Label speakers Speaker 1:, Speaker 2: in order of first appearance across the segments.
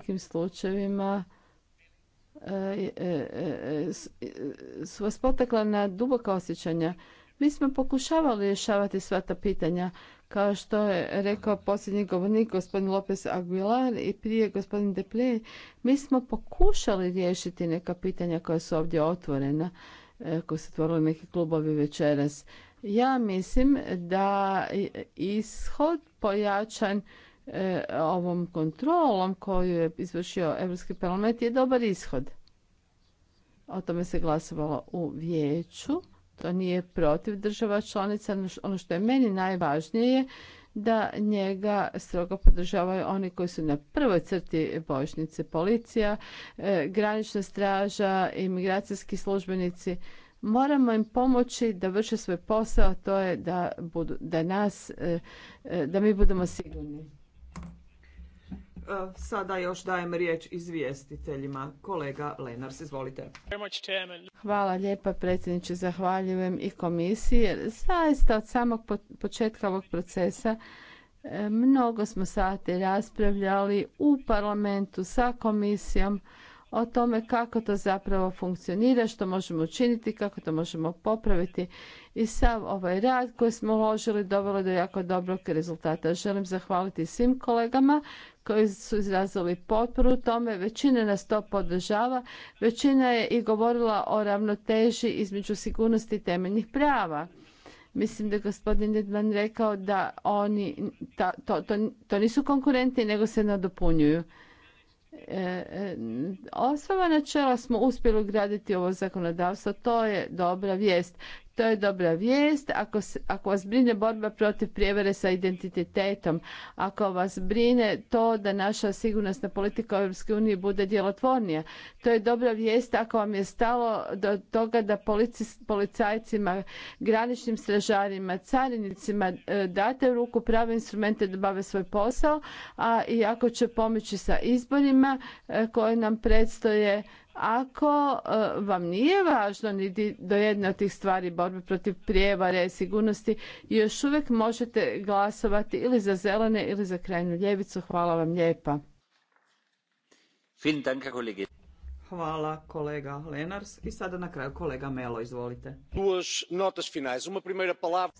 Speaker 1: nekim slučajevima e, e, e, su vas potakla na duboka osjećanja. Mi smo pokušavali rješavati sva ta pitanja, kao što je rekao posljednji govornik, gospodin Lopez Aguilar i prije gospodin Deplej. Mi smo pokušali riješiti neka pitanja koja su ovdje otvorena, koji su otvorili neki klubovi večeras. Ja mislim da ishod pojačan E, ovom kontrolom koju je izvršio Europski parlament je dobar ishod. O tome se glasovalo u vijeću. To nije protiv država članica. Ono, ono što je meni najvažnije je da njega strogo podržavaju oni koji su na prvoj crti bojišnice. Policija, e, granična straža, imigracijski službenici. Moramo im pomoći da vrše svoj posao, a to je da, budu, da nas, e, da mi budemo sigurni.
Speaker 2: E, sada još dajem riječ izvjestiteljima. Kolega Lenars, izvolite.
Speaker 1: Hvala lijepa predsjedniče, zahvaljujem i komisiji. zaista od samog početka ovog procesa e, mnogo smo sati raspravljali u parlamentu sa komisijom o tome kako to zapravo funkcionira, što možemo učiniti, kako to možemo popraviti. I sav ovaj rad koji smo uložili dovelo do jako dobrog rezultata. Želim zahvaliti svim kolegama koji su izrazili potporu tome, većina nas to podržava, većina je i govorila o ravnoteži između sigurnosti i temeljnih prava. Mislim da je gospodin Edman rekao da oni, ta, to, to, nisu konkurenti, nego se nadopunjuju. E, e osnovna načela smo uspjeli ugraditi ovo zakonodavstvo, to je dobra vijest. To je dobra vijest. Ako, ako vas brine borba protiv prijevere sa identitetom, ako vas brine to da naša sigurnosna politika u EU bude djelotvornija, to je dobra vijest ako vam je stalo do toga da policajcima, graničnim stražarima, carinicima e, date u ruku prave instrumente da bave svoj posao, a i ako će pomoći sa izborima e, koje nam predstoje ako e, vam nije važno niti do jedne od tih stvari borbe protiv prijevare, sigurnosti, još uvijek možete glasovati ili za zelene ili za krajnju ljevicu. Hvala vam lijepa.
Speaker 2: Hvala kolega Lenars. I sada na kraju kolega Melo, izvolite.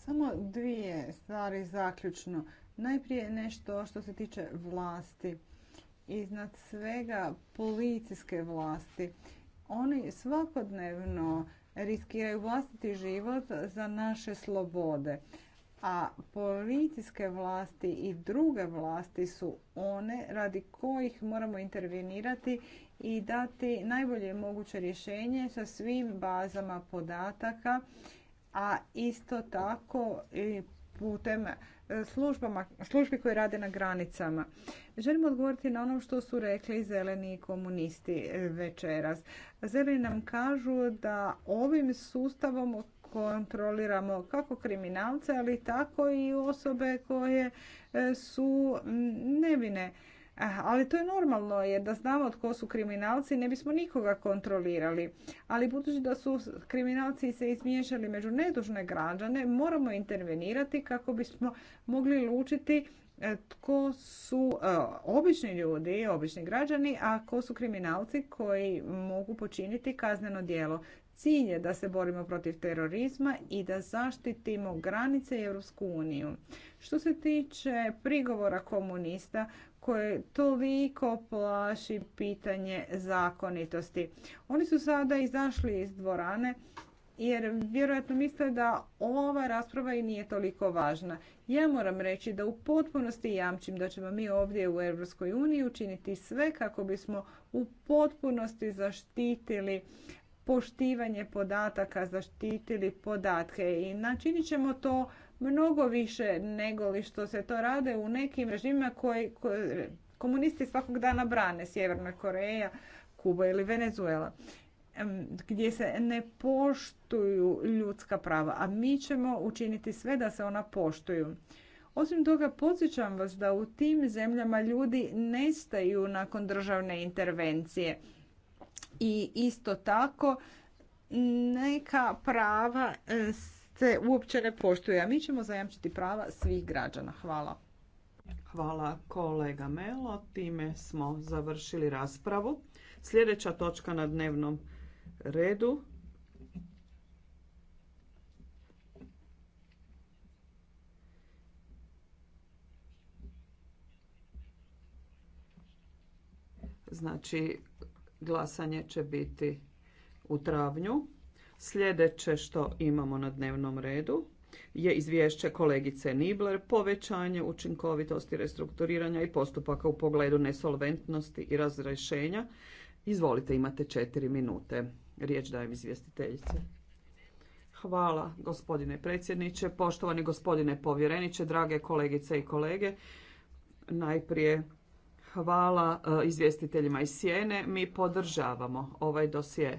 Speaker 3: Samo dvije stvari zaključno. Najprije nešto što se tiče vlasti iznad svega policijske vlasti. Oni svakodnevno riskiraju vlastiti život za naše slobode. A policijske vlasti i druge vlasti su one radi kojih moramo intervenirati i dati najbolje moguće rješenje sa svim bazama podataka, a isto tako i putem službama, službi koje rade na granicama. Želimo odgovoriti na ono što su rekli zeleni komunisti e, večeras. Zeleni nam kažu da ovim sustavom kontroliramo kako kriminalce, ali tako i osobe koje e, su nevine. Ali to je normalno jer da znamo tko su kriminalci ne bismo nikoga kontrolirali. Ali budući da su kriminalci se izmiješali među nedužne građane, moramo intervenirati kako bismo mogli lučiti e, tko su e, obični ljudi, obični građani, a tko su kriminalci koji mogu počiniti kazneno djelo. Cilj je da se borimo protiv terorizma i da zaštitimo granice i Europsku uniju. Što se tiče prigovora komunista koje toliko plaši pitanje zakonitosti. Oni su sada izašli iz dvorane jer vjerojatno misle da ova rasprava i nije toliko važna. Ja moram reći da u potpunosti jamčim da ćemo mi ovdje u Europskoj uniji učiniti sve kako bismo u potpunosti zaštitili poštivanje podataka, zaštitili podatke i načinit ćemo to mnogo više nego li što se to rade u nekim režimima koji komunisti svakog dana brane, Sjeverna Koreja, Kuba ili Venezuela gdje se ne poštuju ljudska prava, a mi ćemo učiniti sve da se ona poštuju. Osim toga, podsjećam vas da u tim zemljama ljudi nestaju nakon državne intervencije i isto tako neka prava e, se uopće ne poštuju,
Speaker 2: a mi ćemo zajamčiti prava svih građana. Hvala. Hvala kolega Melo, time smo završili raspravu. Sljedeća točka na dnevnom redu Znači, Glasanje će biti u travnju. Sljedeće što imamo na dnevnom redu je izvješće kolegice Nibler, povećanje učinkovitosti restrukturiranja i postupaka u pogledu nesolventnosti i razrešenja. Izvolite, imate četiri minute. Riječ dajem izvjestiteljice. Hvala gospodine predsjedniče, poštovani gospodine povjereniče, drage kolegice i kolege. Najprije Hvala e, izvjestiteljima iz Sjene. Mi podržavamo ovaj dosje.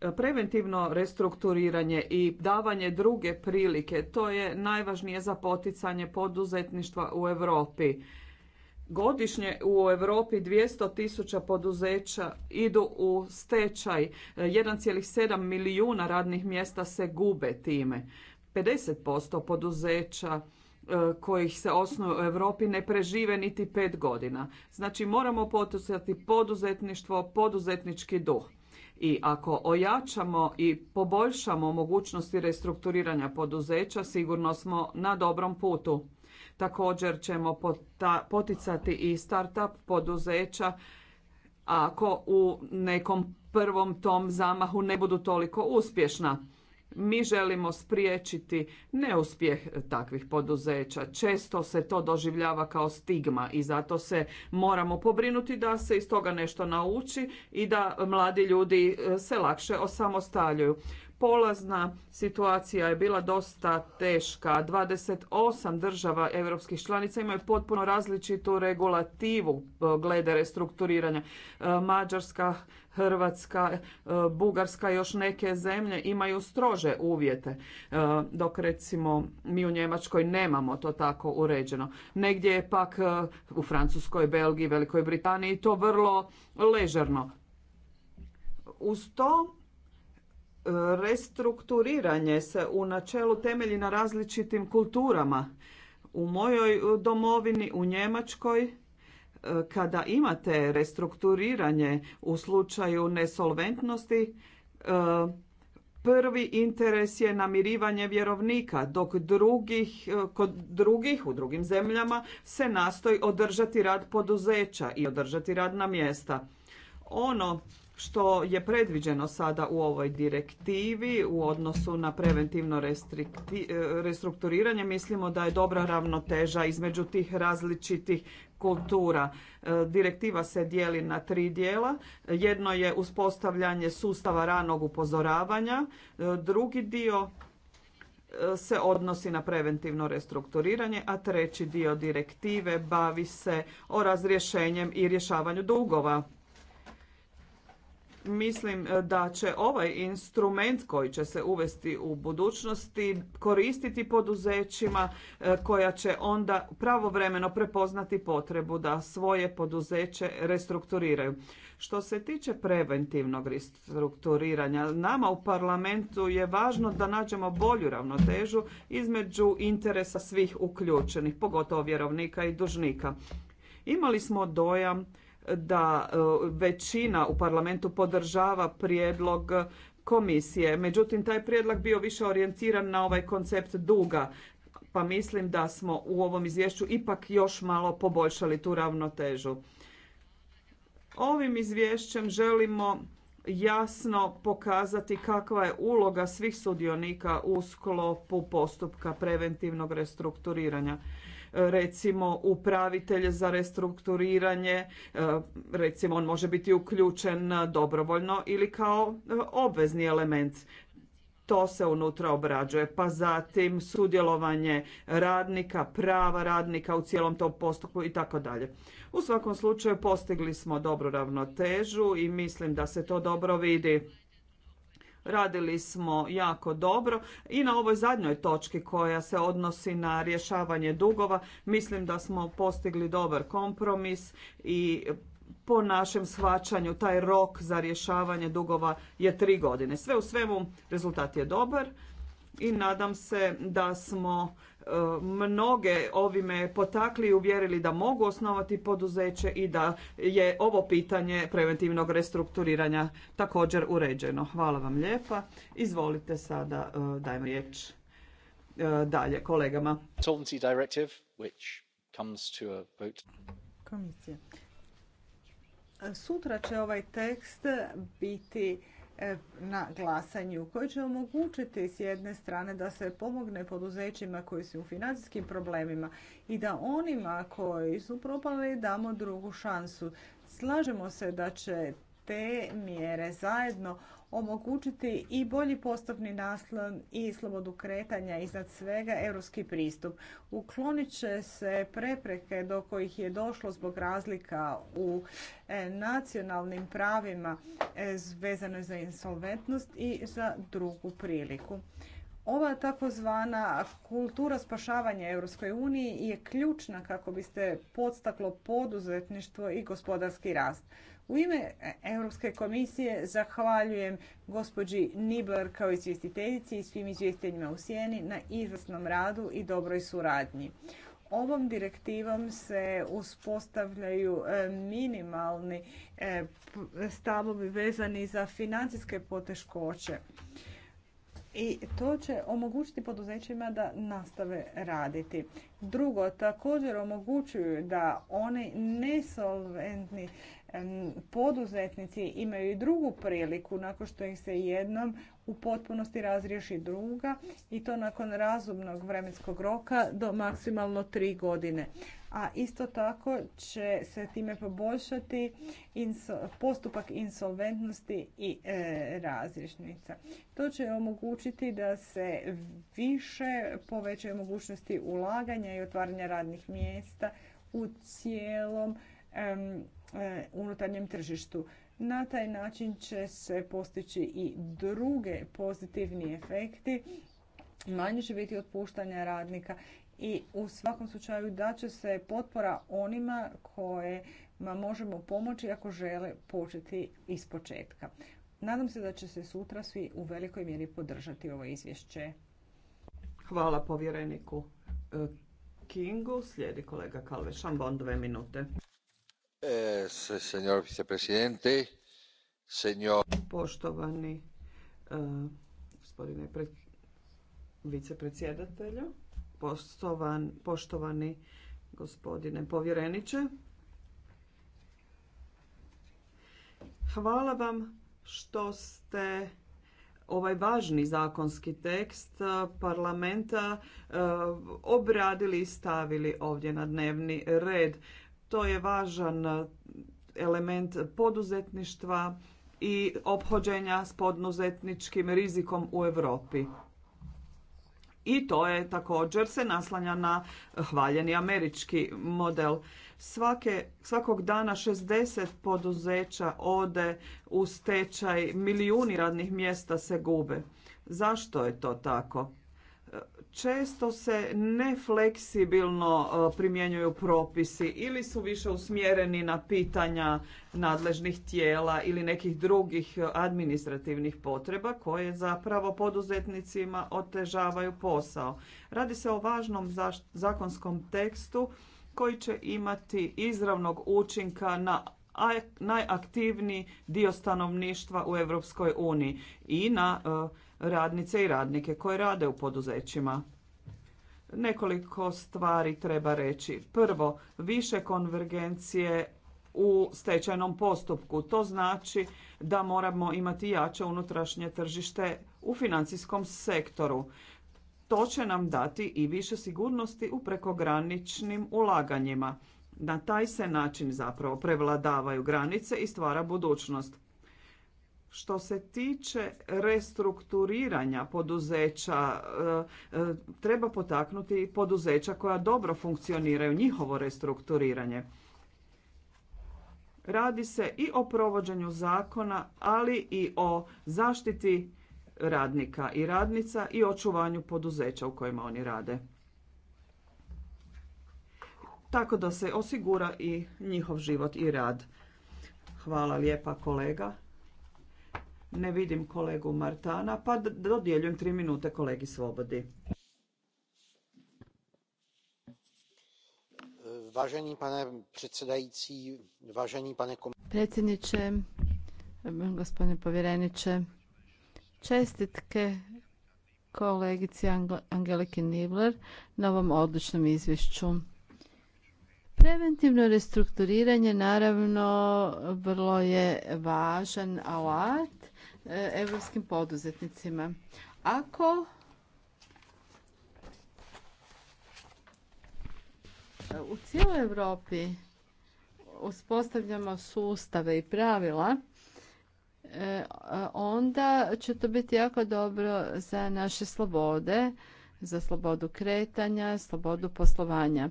Speaker 2: E, preventivno restrukturiranje i davanje druge prilike, to je najvažnije za poticanje poduzetništva u Europi. Godišnje u Europi 200 tisuća poduzeća idu u stečaj, 1,7 e, milijuna radnih mjesta se gube time. 50% poduzeća E, kojih se osnuju u Europi ne prežive niti pet godina. Znači moramo poticati poduzetništvo, poduzetnički duh. I ako ojačamo i poboljšamo mogućnosti restrukturiranja poduzeća, sigurno smo na dobrom putu. Također ćemo poticati i startup poduzeća ako u nekom prvom tom zamahu ne budu toliko uspješna. Mi želimo spriječiti neuspjeh takvih poduzeća. Često se to doživljava kao stigma i zato se moramo pobrinuti da se iz toga nešto nauči i da mladi ljudi e, se lakše osamostaljuju. Polazna situacija je bila dosta teška. 28 država europskih članica imaju potpuno različitu regulativu e, glede restrukturiranja. E, Mađarska, Hrvatska, e, Bugarska i još neke zemlje imaju strože uvjete, dok recimo mi u Njemačkoj nemamo to tako uređeno. Negdje je pak u Francuskoj, Belgiji, Velikoj Britaniji to vrlo ležerno. Uz to restrukturiranje se u načelu temelji na različitim kulturama. U mojoj domovini, u Njemačkoj, e, kada imate restrukturiranje u slučaju nesolventnosti, e, prvi interes je namirivanje vjerovnika, dok drugih, e, kod drugih u drugim zemljama se nastoji održati rad poduzeća i održati radna mjesta. Ono što je predviđeno sada u ovoj direktivi u odnosu na preventivno e, restrukturiranje, mislimo da je dobra ravnoteža između tih različitih kultura. E, direktiva se dijeli na tri dijela. Jedno je uspostavljanje sustava ranog upozoravanja, e, drugi dio se odnosi na preventivno restrukturiranje, a treći dio direktive bavi se o razrješenjem i rješavanju dugova Mislim e, da će ovaj instrument koji će se uvesti u budućnosti koristiti poduzećima e, koja će onda pravovremeno prepoznati potrebu da svoje poduzeće restrukturiraju. Što se tiče preventivnog restrukturiranja, nama u parlamentu je važno da nađemo bolju ravnotežu između interesa svih uključenih, pogotovo vjerovnika i dužnika. Imali smo dojam da e, većina u parlamentu podržava prijedlog komisije. Međutim, taj prijedlog bio više orijentiran na ovaj koncept duga. Pa mislim da smo u ovom izvješću ipak još malo poboljšali tu ravnotežu. Ovim izvješćem želimo jasno pokazati kakva je uloga svih sudionika u sklopu postupka preventivnog restrukturiranja recimo upravitelj za restrukturiranje, e, recimo on može biti uključen dobrovoljno ili kao e, obvezni element to se unutra obrađuje. Pa zatim sudjelovanje radnika, prava radnika u cijelom tom postupku i tako dalje. U svakom slučaju postigli smo dobru ravnotežu i mislim da se to dobro vidi radili smo jako dobro i na ovoj zadnjoj točki koja se odnosi na rješavanje dugova mislim da smo postigli dobar kompromis i po našem shvaćanju taj rok za rješavanje dugova je tri godine. Sve u svemu rezultat je dobar i nadam se da smo mnoge ovime potakli i uvjerili da mogu osnovati poduzeće i da je ovo pitanje preventivnog restrukturiranja također uređeno. Hvala vam lijepa. Izvolite sada e, dajem riječ e, dalje kolegama.
Speaker 3: Komisija. Sutra će ovaj tekst biti E, na glasanju koji će omogućiti s jedne strane da se pomogne poduzećima koji su u financijskim problemima i da onima koji su propali damo drugu šansu. Slažemo se da će te mjere zajedno omogućiti i bolji postupni naslon i slobodu kretanja iznad svega europski pristup. Uklonit će se prepreke do kojih je došlo zbog razlika u e, nacionalnim pravima e, vezano za insolventnost i za drugu priliku. Ova takozvana kultura spašavanja Europskoj uniji je ključna kako biste podstaklo poduzetništvo i gospodarski rast. U ime Europske komisije zahvaljujem gospođi Nibler kao izvjestiteljici i svim izvjestiteljima u Sjeni na izvrsnom radu i dobroj suradnji. Ovom direktivom se uspostavljaju e, minimalni e, stavovi vezani za financijske poteškoće i to će omogućiti poduzećima da nastave raditi. Drugo, također omogućuju da oni nesolventni poduzetnici imaju i drugu priliku nakon što ih se jednom u potpunosti razriješi druga i to nakon razumnog vremenskog roka do maksimalno tri godine. A isto tako će se time poboljšati postupak insolventnosti i e, razrišnica. To će omogućiti da se više povećaju mogućnosti ulaganja i otvaranja radnih mjesta u cijelom Eh, unutarnjem tržištu. Na taj način će se postići i druge pozitivni efekti. Manje će biti otpuštanja radnika i u svakom slučaju da će se potpora onima kojima možemo pomoći ako žele početi iz početka. Nadam se da će se sutra svi u velikoj mjeri podržati ovo
Speaker 2: izvješće. Hvala povjereniku eh, Kingu. Slijedi kolega Kalvešan. Bon dve minute. Eh, poštovani eh, gospodine vicepredsjedatelju, poštovani gospodine povjereniče, hvala vam što ste ovaj važni zakonski tekst eh, parlamenta obradili i stavili ovdje na dnevni red. To je važan e, element poduzetništva i ophođenja s poduzetničkim rizikom u Europi. I to je također se naslanja na hvaljeni američki model. Svake, svakog dana 60 poduzeća ode u stečaj, milijuni radnih mjesta se gube. Zašto je to tako? često se nefleksibilno e, primjenjuju propisi ili su više usmjereni na pitanja nadležnih tijela ili nekih drugih e, administrativnih potreba koje zapravo poduzetnicima otežavaju posao. Radi se o važnom zakonskom tekstu koji će imati izravnog učinka na najaktivniji dio stanovništva u Europskoj uniji i na e, radnice i radnike koji rade u poduzećima. Nekoliko stvari treba reći. Prvo, više konvergencije u stečajnom postupku. To znači da moramo imati jače unutrašnje tržište u financijskom sektoru. To će nam dati i više sigurnosti u prekograničnim ulaganjima. Na taj se način zapravo prevladavaju granice i stvara budućnost. Što se tiče restrukturiranja poduzeća, e, e, treba potaknuti poduzeća koja dobro funkcioniraju, njihovo restrukturiranje. Radi se i o provođenju zakona, ali i o zaštiti radnika i radnica i očuvanju poduzeća u kojima oni rade. Tako da se osigura i njihov život i rad. Hvala lijepa kolega. Ne vidim kolegu Martana, pa dodjeljujem tri minute kolegi Svobodi.
Speaker 4: Važeni pane predsjedajci, važeni pane Predsjedniče,
Speaker 1: gospodine povjereniče, čestitke kolegici Angeliki Nibler na ovom odličnom izvješću. Preventivno restrukturiranje naravno vrlo je važan alat europskim poduzetnicima. Ako u cijeloj Europi uspostavljamo sustave i pravila, e, onda će to biti jako dobro za naše slobode, za slobodu kretanja, slobodu poslovanja.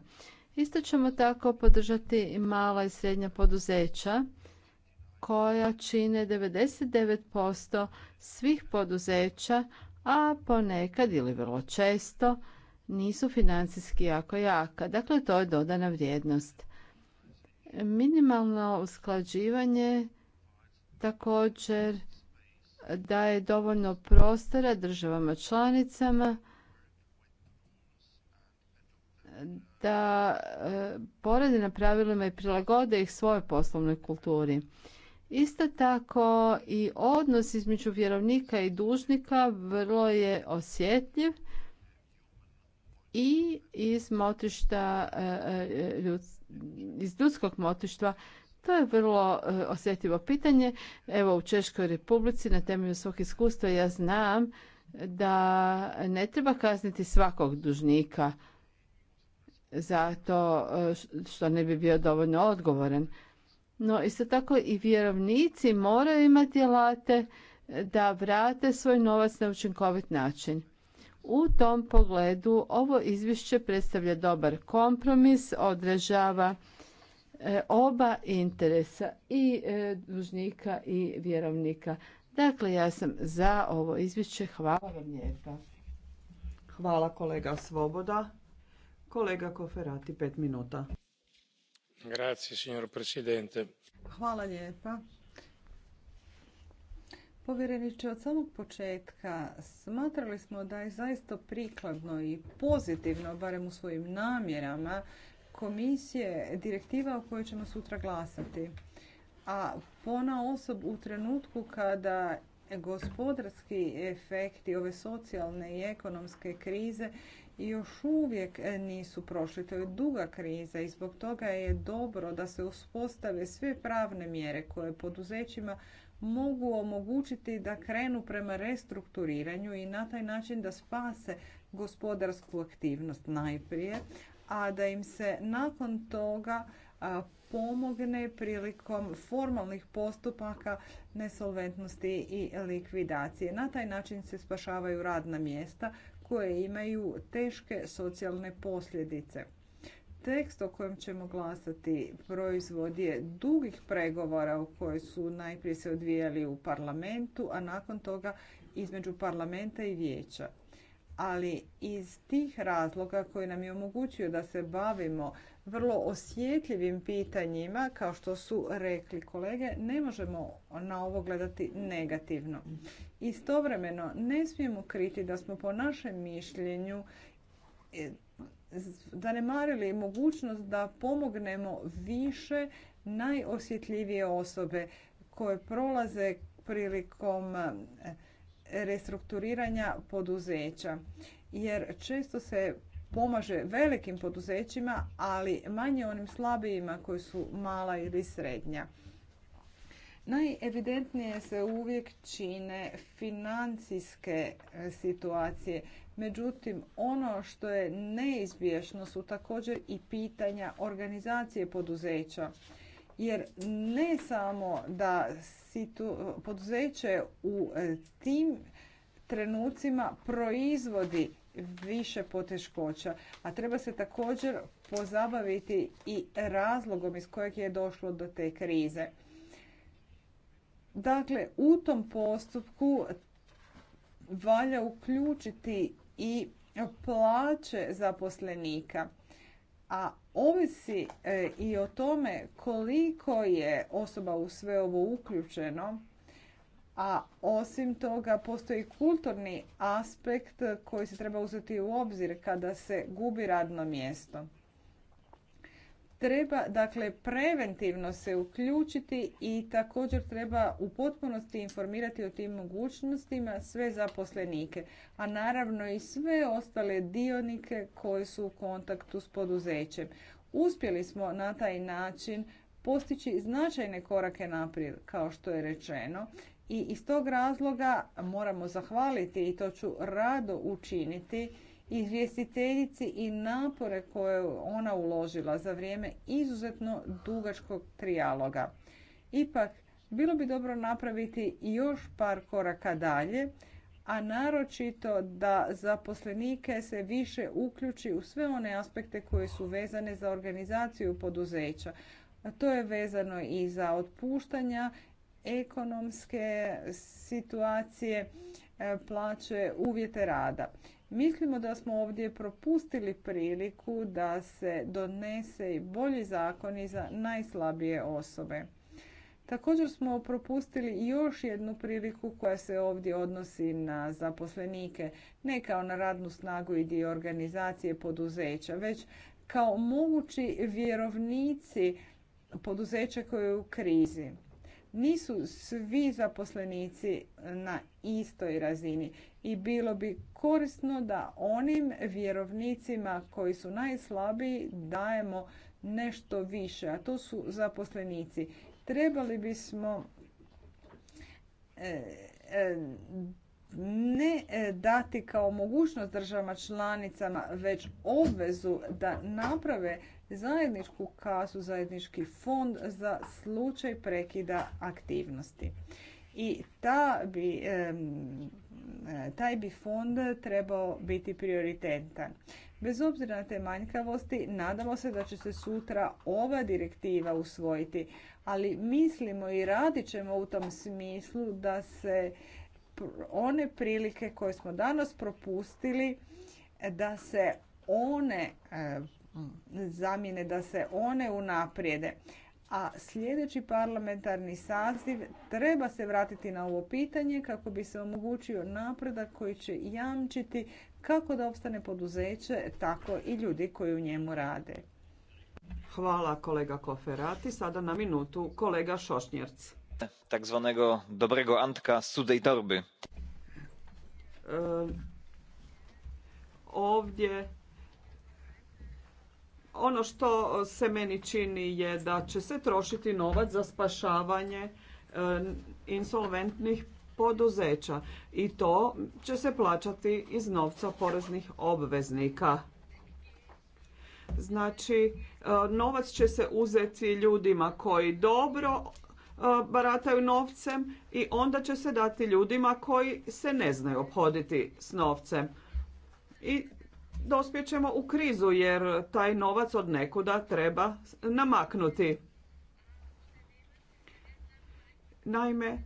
Speaker 1: Isto ćemo tako podržati i mala i srednja poduzeća koja čine 99% svih poduzeća, a ponekad ili vrlo često nisu financijski jako jaka. Dakle, to je dodana vrijednost. Minimalno usklađivanje također daje dovoljno prostora državama članicama da e, porade na pravilima i prilagode ih svojoj poslovnoj kulturi. Isto tako i odnos između vjerovnika i dužnika vrlo je osjetljiv i iz motišta, e, e, iz ljudskog motištva to je vrlo e, osjetljivo pitanje. Evo u Češkoj republici na temelju svog iskustva ja znam da ne treba kazniti svakog dužnika to što ne bi bio dovoljno odgovoran. No, isto tako i vjerovnici moraju imati alate da vrate svoj novac na učinkovit način. U tom pogledu ovo izvješće predstavlja dobar kompromis, odražava e, oba interesa i e, dužnika i vjerovnika. Dakle, ja sam za ovo izvješće. Hvala vam lijepa. Hvala kolega
Speaker 2: Svoboda. Kolega Koferati, pet minuta. Hvala lijepa.
Speaker 3: Povjereniče, od samog početka smatrali smo da je zaista prikladno i pozitivno, barem u svojim namjerama, komisije direktiva o kojoj ćemo sutra glasati. A pona u trenutku kada gospodarski efekti ove socijalne i ekonomske krize još uvijek e, nisu prošli. To je duga kriza i zbog toga je dobro da se uspostave sve pravne mjere koje poduzećima mogu omogućiti da krenu prema restrukturiranju i na taj način da spase gospodarsku aktivnost najprije, a da im se nakon toga pomogne prilikom formalnih postupaka nesolventnosti i likvidacije. Na taj način se spašavaju radna mjesta koje imaju teške socijalne posljedice. Tekst o kojem ćemo glasati proizvod je dugih pregovora u koje su najprije se odvijali u parlamentu, a nakon toga između parlamenta i vijeća ali iz tih razloga koji nam je omogućio da se bavimo vrlo osjetljivim pitanjima, kao što su rekli kolege, ne možemo na ovo gledati negativno. Istovremeno, ne smijemo kriti da smo po našem mišljenju e, zanemarili mogućnost da pomognemo više najosjetljivije osobe koje prolaze prilikom e, restrukturiranja poduzeća. Jer često se pomaže velikim poduzećima, ali manje onim slabijima koji su mala ili srednja. Najevidentnije se uvijek čine financijske e, situacije. Međutim, ono što je neizbješno su također i pitanja organizacije poduzeća jer ne samo da poduzeće u e, tim trenucima proizvodi više poteškoća, a treba se također pozabaviti i razlogom iz kojeg je došlo do te krize. Dakle, u tom postupku valja uključiti i plaće zaposlenika a ovisi e, i o tome koliko je osoba u sve ovo uključeno, a osim toga postoji kulturni aspekt koji se treba uzeti u obzir kada se gubi radno mjesto. Treba dakle preventivno se uključiti i također treba u potpunosti informirati o tim mogućnostima sve zaposlenike, a naravno i sve ostale dionike koji su u kontaktu s poduzećem. Uspjeli smo na taj način postići značajne korake naprijed, kao što je rečeno, i iz tog razloga moramo zahvaliti i to ću rado učiniti izvjestiteljici i napore koje je ona uložila za vrijeme izuzetno dugačkog trijaloga. Ipak, bilo bi dobro napraviti još par koraka dalje, a naročito da zaposlenike se više uključi u sve one aspekte koje su vezane za organizaciju poduzeća. to je vezano i za otpuštanja, ekonomske situacije, e, plaće, uvjete rada. Mislimo da smo ovdje propustili priliku da se donese i bolji zakoni za najslabije osobe. Također smo propustili još jednu priliku koja se ovdje odnosi na zaposlenike, ne kao na radnu snagu i dio organizacije poduzeća, već kao mogući vjerovnici poduzeća koje je u krizi. Nisu svi zaposlenici na istoj razini i bilo bi korisno da onim vjerovnicima koji su najslabiji dajemo nešto više, a to su zaposlenici. Trebali bismo e, e, ne e, dati kao mogućnost državama članicama, već obvezu da naprave zajedničku kasu, zajednički fond za slučaj prekida aktivnosti i ta e, taj bi fond trebao biti prioritetan. Bez obzira na te manjkavosti, nadamo se da će se sutra ova direktiva usvojiti, ali mislimo i radit ćemo u tom smislu da se one prilike koje smo danas propustili, da se one e, zamjene, da se one unaprijede a sljedeći parlamentarni saziv treba se vratiti na ovo pitanje kako bi se omogućio napredak koji će jamčiti kako da opstane poduzeće,
Speaker 2: tako i ljudi koji u njemu rade. Hvala kolega Koferati. Sada na minutu kolega Šošnjerc. Tak dobrego Antka sudej torby. E, ovdje ono što se meni čini je da će se trošiti novac za spašavanje e, insolventnih poduzeća i to će se plaćati iz novca poreznih obveznika. Znači, e, novac će se uzeti ljudima koji dobro e, barataju novcem i onda će se dati ljudima koji se ne znaju obhoditi s novcem. I dospjećemo u krizu jer taj novac od nekuda treba namaknuti. Naime,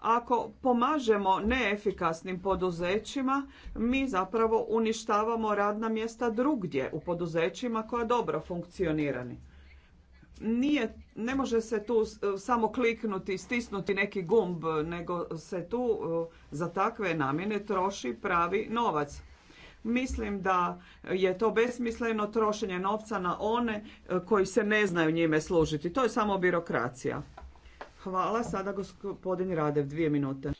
Speaker 2: ako pomažemo neefikasnim poduzećima, mi zapravo uništavamo radna mjesta drugdje u poduzećima koja dobro funkcionirani. Nije, ne može se tu samo kliknuti, stisnuti neki gumb, nego se tu e, za takve namjene troši pravi novac. Mislim da je to besmisleno trošenje novca na one e, koji se ne znaju njime služiti. To je samo birokracija. Hvala. Sada gospodin Radev, dvije minute.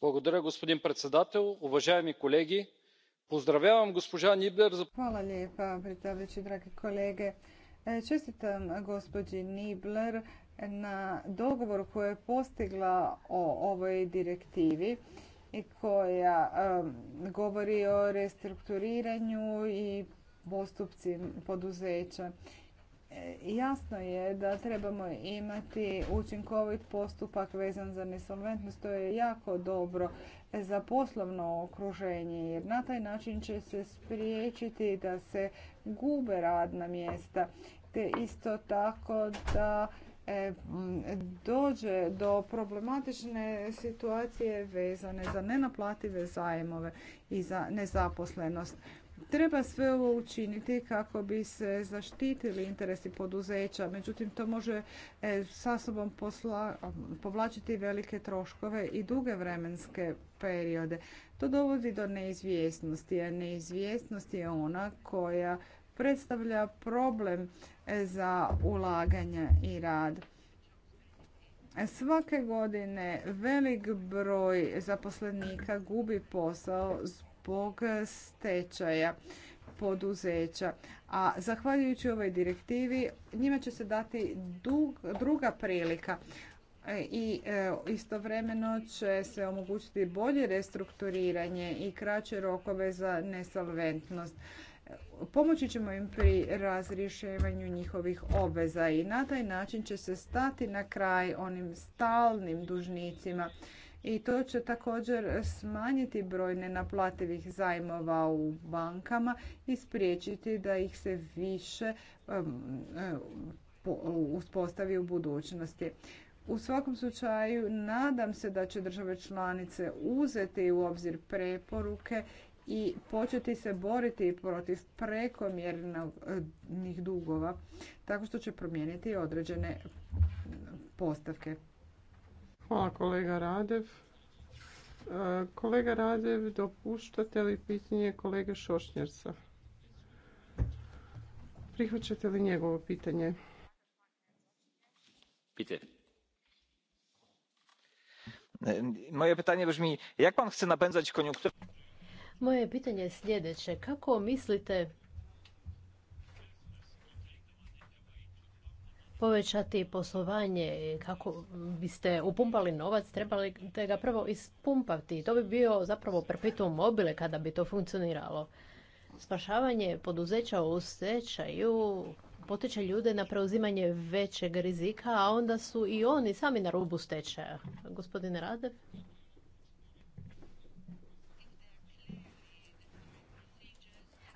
Speaker 2: Благодаря, господин председател. Уважаеми kolegi pozdravljam gospođa Nibler. Hvala
Speaker 3: lijepa, predstavljajući, dragi kolege. E, čestitam gospođi Nibler na dogovoru koju je postigla o ovoj direktivi i koja govori o restrukturiranju i postupci poduzeća. E, jasno je da trebamo imati učinkovit postupak vezan za nesolventnost. To je jako dobro za poslovno okruženje jer na taj način će se spriječiti da se gube radna mjesta te isto tako da E, dođe do problematične situacije vezane za nenaplative zajmove i za nezaposlenost. Treba sve ovo učiniti kako bi se zaštitili interesi poduzeća, međutim to može e, sa sobom povlačiti velike troškove i duge vremenske periode. To dovodi do neizvjesnosti, a neizvjesnost je ona koja predstavlja problem e, za ulaganje i rad. Svake godine velik broj zaposlenika gubi posao zbog stečaja poduzeća, a zahvaljujući ovoj direktivi njima će se dati druga prilika e, i e, istovremeno će se omogućiti bolje restrukturiranje i kraće rokove za nesolventnost. Pomoći ćemo im pri razrješavanju njihovih obveza i na taj način će se stati na kraj onim stalnim dužnicima i to će također smanjiti broj nenaplativih zajmova u bankama i spriječiti da ih se više uspostavi u budućnosti. U svakom slučaju nadam se da će države članice uzeti u obzir preporuke i početi se boriti protiv prekomjernih dugova tako što će promijeniti određene
Speaker 4: postavke. Hvala kolega Radev. E, kolega Radev, dopuštate li pitanje kolege Šošnjerca? Prihvaćate li njegovo pitanje?
Speaker 2: Pitanje. Moje pytanie brzmi, jak pan chce napędzać koniunkturę?
Speaker 5: Moje pitanje je sljedeće. Kako mislite povećati poslovanje, kako biste upumpali novac, trebali te ga prvo ispumpati. To bi bio zapravo perpetuum mobile kada bi to funkcioniralo. Spašavanje poduzeća u stečaju potiče ljude na preuzimanje većeg rizika, a onda su i oni sami na rubu stečaja. Gospodine Radev?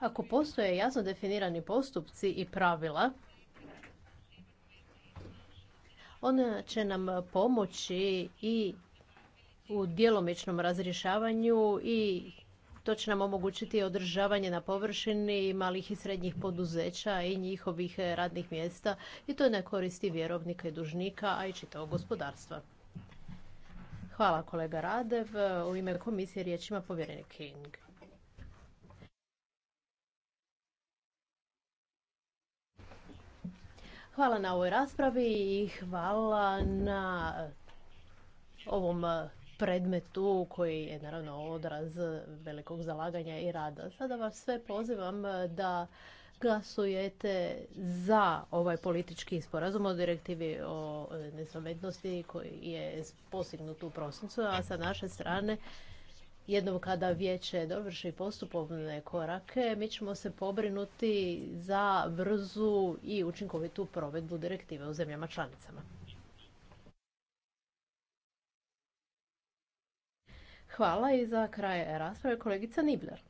Speaker 5: Ako postoje jasno definirani postupci i pravila, ona će nam pomoći i u djelomičnom razrješavanju i to će nam omogućiti održavanje na površini malih i srednjih poduzeća i njihovih radnih mjesta i to ne koristi vjerovnika i dužnika, a i čitavog gospodarstva. Hvala kolega Radev. U ime komisije riječ ima povjerenik King. Hvala na ovoj raspravi i hvala na ovom predmetu koji je naravno odraz velikog zalaganja i rada. Sada vas sve pozivam da glasujete za ovaj politički sporazum o direktivi o nesometnosti koji je postignut u prosincu, a sa naše strane jednom kada vijeće dovrši postupovne korake, mi ćemo se pobrinuti za brzu i učinkovitu provedbu direktive u zemljama članicama. Hvala i za kraj rasprave kolegica Nibler.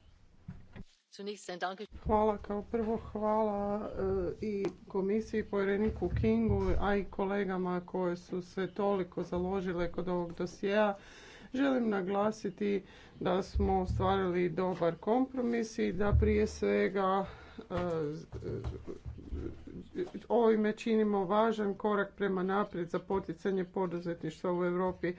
Speaker 5: Hvala
Speaker 4: kao prvo, hvala e, i komisiji, povjereniku Kingu, a i kolegama koje su se toliko založile kod ovog dosjea. Želim naglasiti da smo ostvarili dobar kompromis i da prije svega eh, ovime činimo važan korak prema naprijed za poticanje poduzetništva u Europi.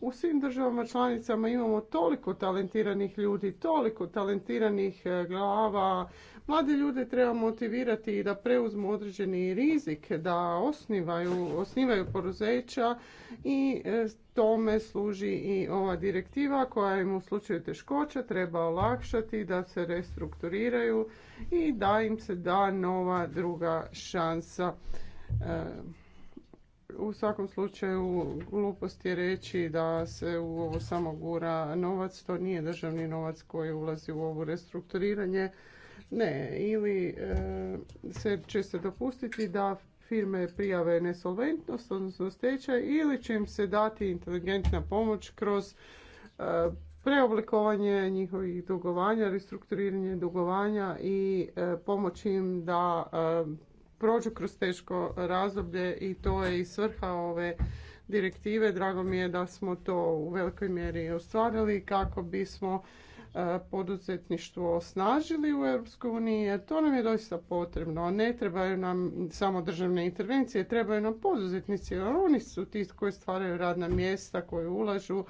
Speaker 4: U svim državama članicama imamo toliko talentiranih ljudi, toliko talentiranih eh, glava, Mlade ljude treba motivirati i da preuzmu određeni rizik, da osnivaju, osnivaju poduzeća i e, tome služi i ova direktiva koja im u slučaju teškoća treba olakšati da se restrukturiraju i da im se da nova druga šansa. E, u svakom slučaju glupost je reći da se u ovo samo gura novac, to nije državni novac koji ulazi u ovo restrukturiranje ne, ili eh, se će se dopustiti da firme prijave nesolventnost, odnosno stečaj, ili će im se dati inteligentna pomoć kroz eh, preoblikovanje njihovih dugovanja, restrukturiranje dugovanja i eh, pomoć im da prođu kroz teško razdoblje i to je i svrha ove direktive. Drago mi je da smo to u velikoj mjeri ostvarili kako bismo E, poduzetništvo osnažili u Europskoj uniji, jer to nam je doista potrebno. Ne trebaju nam samo državne intervencije, trebaju nam poduzetnici, jer oni su ti koji stvaraju radna mjesta, koji ulažu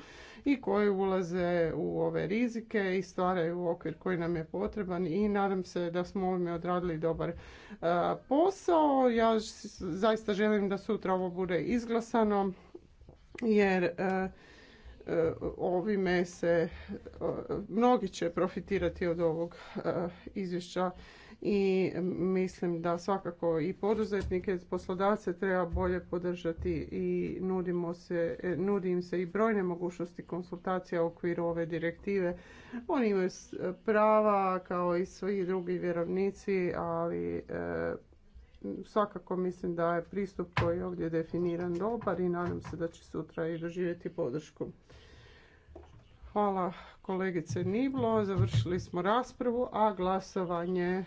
Speaker 4: i koji ulaze u ove rizike i stvaraju okvir koji nam je potreban i nadam se da smo ovime odradili dobar e, posao. Ja zaista želim da sutra ovo bude izglasano, jer e, ovime se mnogi će profitirati od ovog e, izvješća i mislim da svakako i poduzetnike, poslodavce treba bolje podržati i nudimo se, e, nudi se i brojne mogućnosti konsultacija u okviru ove direktive. Oni imaju prava kao i svi drugi vjerovnici, ali e, svakako mislim da je pristup koji je ovdje definiran dobar i nadam se da će sutra i doživjeti podršku. Hvala kolegice Niblo. Završili smo raspravu, a glasovanje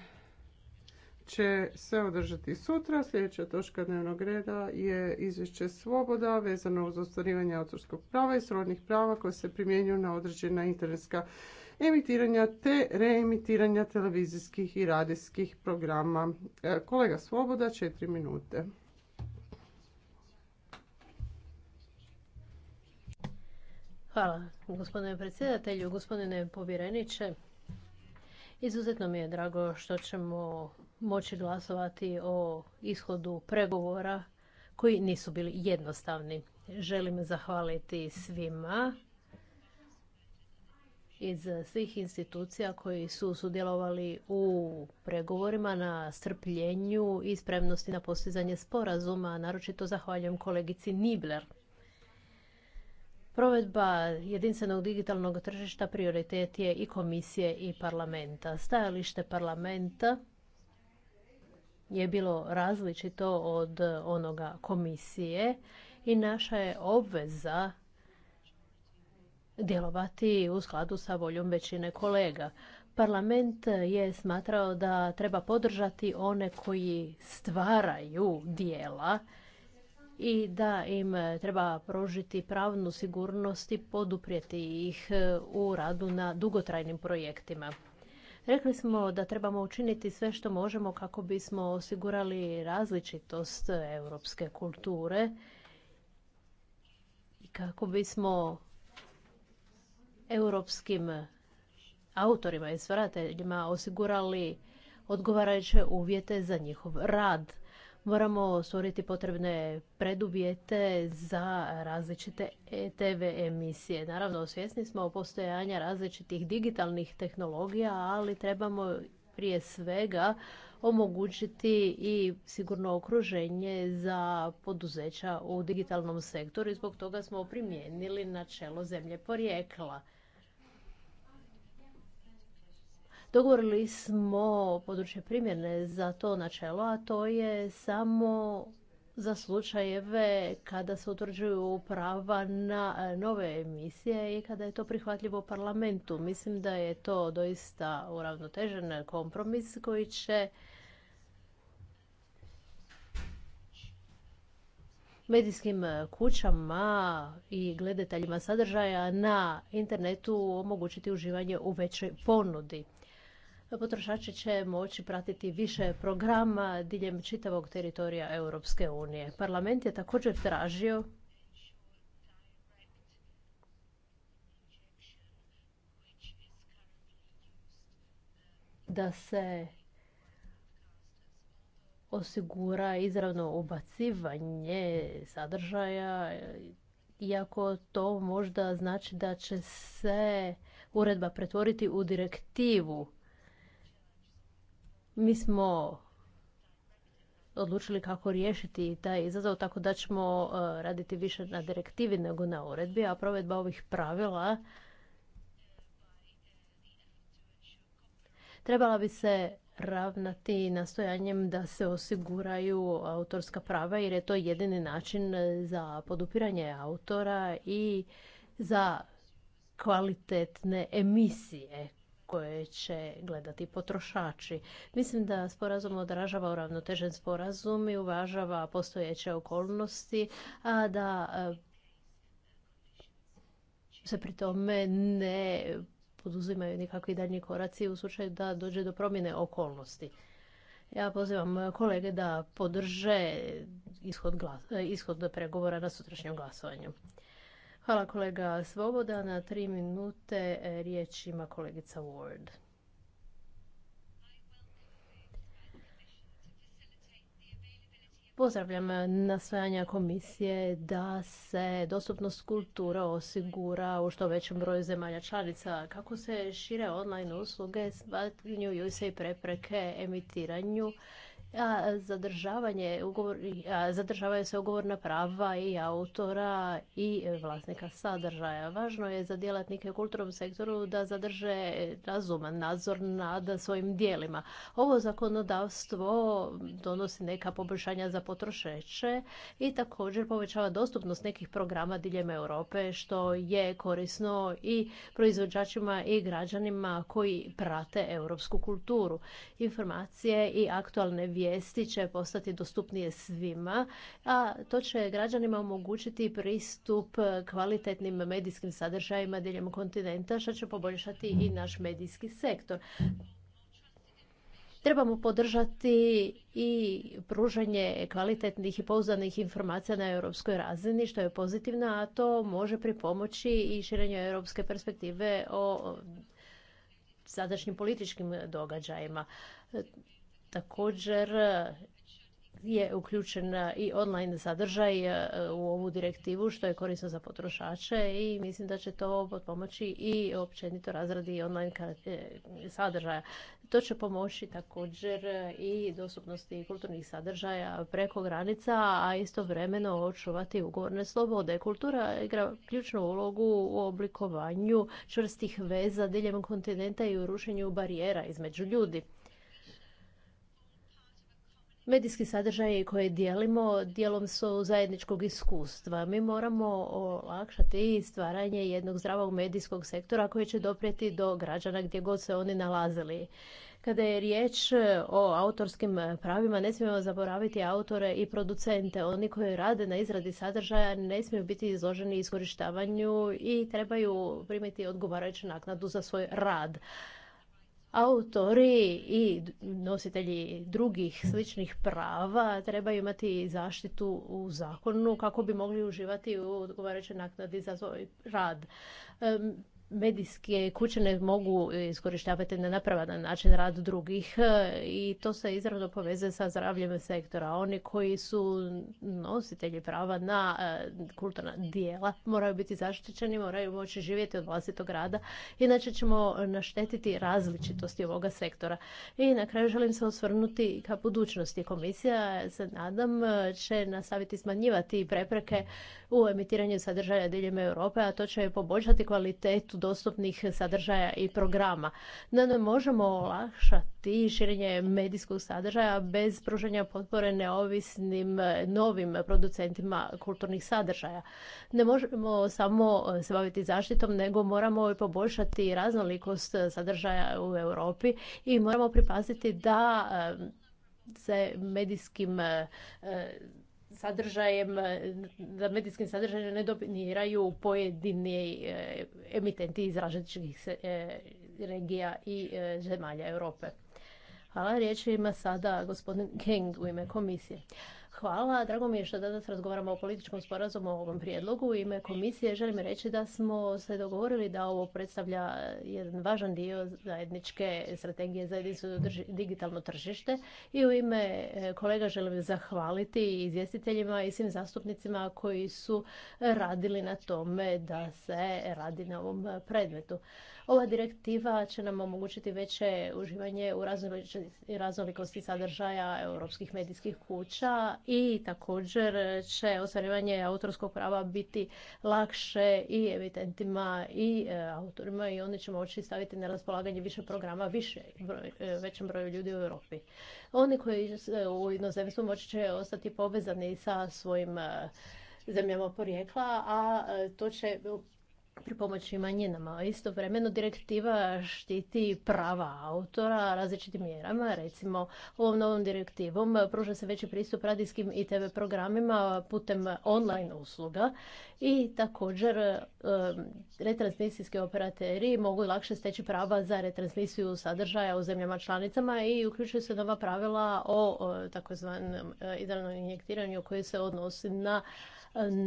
Speaker 4: će se održati sutra. Sljedeća točka dnevnog reda je izvješće Svoboda vezano uz ostvarivanje autorskog prava i srodnih prava koje se primjenjuju na određena internetska emitiranja te reemitiranja televizijskih i radijskih programa. E, kolega Svoboda, četiri minute.
Speaker 5: Hvala, gospodine predsjedatelju, gospodine povjereniče. Izuzetno mi je drago što ćemo moći glasovati o ishodu pregovora koji nisu bili jednostavni. Želim zahvaliti svima iz svih institucija koji su sudjelovali u pregovorima na strpljenju i spremnosti na postizanje sporazuma. Naročito zahvaljujem kolegici Nibler. Provedba jedinstvenog digitalnog tržišta prioritet je i komisije i parlamenta. Stajalište parlamenta je bilo različito od onoga komisije i naša je obveza djelovati u skladu sa voljom većine kolega. Parlament je smatrao da treba podržati one koji stvaraju dijela i da im e, treba pružiti pravnu sigurnost i poduprijeti ih e, u radu na dugotrajnim projektima. Rekli smo da trebamo učiniti sve što možemo kako bismo osigurali različitost europske kulture i kako bismo europskim autorima i stvarateljima osigurali odgovarajuće uvjete za njihov rad moramo stvoriti potrebne preduvjete za različite e TV emisije. Naravno, svjesni smo postojanja različitih digitalnih tehnologija, ali trebamo prije svega omogućiti i sigurno okruženje za poduzeća u digitalnom sektoru i zbog toga smo primijenili načelo zemlje porijekla. Dogovorili smo područje primjene za to načelo, a to je samo za slučajeve kada se utvrđuju prava na e, nove emisije i kada je to prihvatljivo parlamentu. Mislim da je to doista uravnotežen kompromis koji će medijskim kućama i gledateljima sadržaja na internetu omogućiti uživanje u većoj ponudi potrošači će moći pratiti više programa diljem čitavog teritorija Europske unije. Parlament je također tražio da se osigura izravno ubacivanje sadržaja, iako to možda znači da će se uredba pretvoriti u direktivu mi smo odlučili kako riješiti taj izazov, tako da ćemo uh, raditi više na direktivi nego na uredbi, a provedba ovih pravila trebala bi se ravnati nastojanjem da se osiguraju autorska prava jer je to jedini način za podupiranje autora i za kvalitetne emisije koje će gledati potrošači. Mislim da sporazum odražava uravnotežen sporazum i uvažava postojeće okolnosti, a da e, se pri tome ne poduzimaju nikakvi daljnji koraci u slučaju da dođe do promjene okolnosti. Ja pozivam kolege da podrže ishod, ishod pregovora na sutrašnjem glasovanju. Hvala kolega Svoboda. Na tri minute e, riječ ima kolegica Ward. Pozdravljam nastojanja komisije da se dostupnost kultura osigura u što većem broju zemalja članica. Kako se šire online usluge, smanjuju se i prepreke emitiranju zadržavanje zadržavaju se ugovorna prava i autora i vlasnika sadržaja. Važno je za djelatnike u kulturnom sektoru da zadrže razuman nadzor nad svojim dijelima. Ovo zakonodavstvo donosi neka poboljšanja za potrošeće i također povećava dostupnost nekih programa diljem Europe što je korisno i proizvođačima i građanima koji prate europsku kulturu. Informacije i aktualne vijesti će postati dostupnije svima, a to će građanima omogućiti pristup kvalitetnim medijskim sadržajima diljem kontinenta, što će poboljšati i naš medijski sektor. Trebamo podržati i pružanje kvalitetnih i pouzdanih informacija na europskoj razini, što je pozitivno, a to može pripomoći i širenju europske perspektive o sadašnjim političkim događajima. Također e, je uključen i online sadržaj e, u ovu direktivu što je korisno za potrošače i mislim da će to pomoći i općenito razradi online e, sadržaja. To će pomoći također i dostupnosti kulturnih sadržaja preko granica, a istovremeno očuvati ugovorne slobode. Kultura igra ključnu ulogu u oblikovanju čvrstih veza diljem kontinenta i u rušenju barijera između ljudi. Medijski sadržaji koje dijelimo dijelom su zajedničkog iskustva. Mi moramo olakšati stvaranje jednog zdravog medijskog sektora koji će doprijeti do građana gdje god se oni nalazili. Kada je riječ o autorskim pravima, ne smijemo zaboraviti autore i producente. Oni koji rade na izradi sadržaja ne smiju biti izloženi iskorištavanju i trebaju primiti odgovarajuću naknadu za svoj rad autori i nositelji drugih sličnih prava trebaju imati zaštitu u zakonu kako bi mogli uživati u odgovarajućoj naknadi za svoj rad medijske kuće ne mogu iskorištavati na napravan način rad drugih e, i to se izravno poveze sa zdravljem sektora. Oni koji su nositelji prava na e, kulturna dijela moraju biti zaštićeni, moraju moći živjeti od vlastitog rada, inače ćemo naštetiti različitosti ovoga sektora. I na kraju želim se osvrnuti ka budućnosti. Komisija, se nadam, će nastaviti smanjivati prepreke u emitiranju sadržaja diljem Europe, a to će poboljšati kvalitetu dostupnih sadržaja i programa. No ne možemo olakšati širenje medijskog sadržaja bez pružanja potpore neovisnim novim producentima kulturnih sadržaja. Ne možemo samo se baviti zaštitom, nego moramo i poboljšati raznolikost sadržaja u Europi i moramo pripaziti da eh, se medijskim eh, sadržajem, e, da medijskim sadržajem ne dominiraju pojedini e, emitenti iz različitih e, regija i zemalja Europe. Hvala, riječ ima sada gospodin Keng u ime komisije. Hvala. Drago mi je što danas razgovaramo o političkom sporazumu o ovom prijedlogu. U ime komisije želim reći da smo se dogovorili da ovo predstavlja jedan važan dio zajedničke strategije za digitalno tržište. I u ime e, kolega želim zahvaliti izvjestiteljima i svim zastupnicima koji su radili na tome da se radi na ovom predmetu. Ova direktiva će nam omogućiti veće uživanje u raznolikosti sadržaja europskih medijskih kuća i također će ostvarivanje autorskog prava biti lakše i evidentima i e, autorima i oni će moći staviti na raspolaganje više programa više e, većem broju ljudi u Europi. Oni koji u inozemstvu moći će ostati povezani sa svojim e, zemljama porijekla, a to će pri pomoći manjinama. Istovremeno direktiva štiti prava autora različitim mjerama. Recimo, ovom novom direktivom pruža se veći pristup radijskim i TV programima putem online usluga i također retransmisijski operateri mogu lakše steći prava za retransmisiju sadržaja u zemljama članicama i uključuju se nova pravila o takozvanom e, idealnom injektiranju koje se odnosi na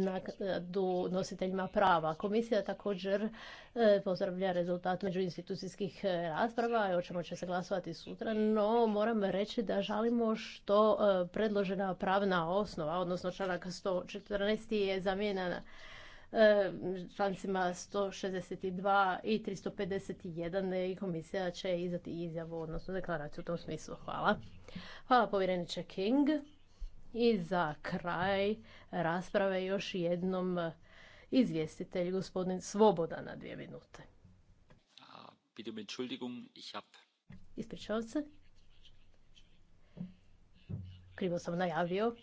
Speaker 5: naknadu nositeljima prava. Komisija također e, pozdravlja rezultat međuinstitucijskih e, rasprava, o čemu će se glasovati sutra, no moram reći da žalimo što e, predložena pravna osnova, odnosno članak 114. je zamijenjena člancima 162 i 351 i komisija će izdati izjavu, odnosno deklaraciju u tom smislu. Hvala. Hvala povjereniče King. I za kraj rasprave još jednom e, izvjestitelj gospodin Svoboda na dvije minute. Um Ispričavam se. Krivo sam najavio.